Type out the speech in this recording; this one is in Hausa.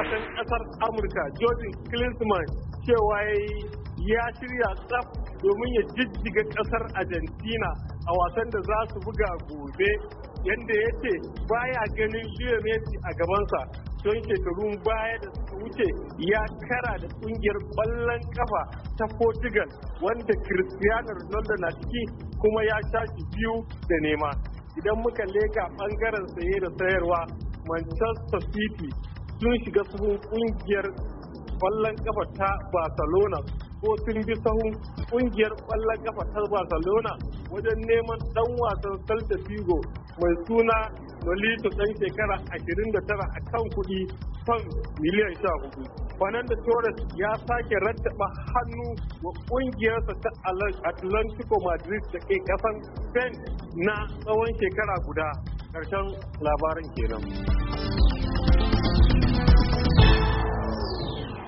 matakan kasar amurka jordan klinsman cewa ya shirya tsaf domin ya jijjiga kasar argentina a wasan da za su buga gobe yadda ya ce baya ganin leo messi a gabansa don shekarun baya da suka wuce ya kara da kungiyar ballon kafa ta portugal wanda cristiano ronaldo na ciki kuma ya shashi biyu da nema idan muka leka bangaren saye da sayarwa manchester city sun shiga sahun kungiyar kwallon kafa ta barcelona ko sun bi sahun kungiyar kwallon kafa ta barcelona wajen neman dan wasan celta figo mai suna Nolito dan shekara 29 a kan kuɗi fan miliyan 14. Fernando Torres ya sake rattaba hannu wa ƙungiyarsa ta Atlantico Madrid da ke ƙasan Spain na tsawon shekara guda. Ƙarshen labarin kenan.